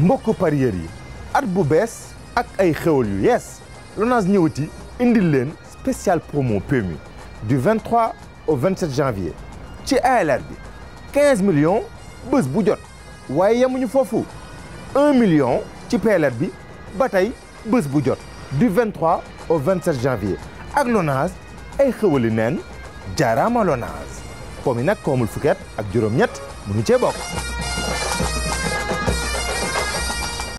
mbokk parieurs yi at bu bees ak ay xewal yu yees Lonase ñëwati indil leen spécial promo PMU du 23 au 27 janvier ci ALR bi 15 millions bu jot waaye yemuñu foofu 1 million ci PLR bi ba tey bés bu jot du 23 au 27 janvier ak Lonase ay xewali neen jaaraama Lonase koom yi nag koomul fukket ak juróom-ñett mënu cee bokk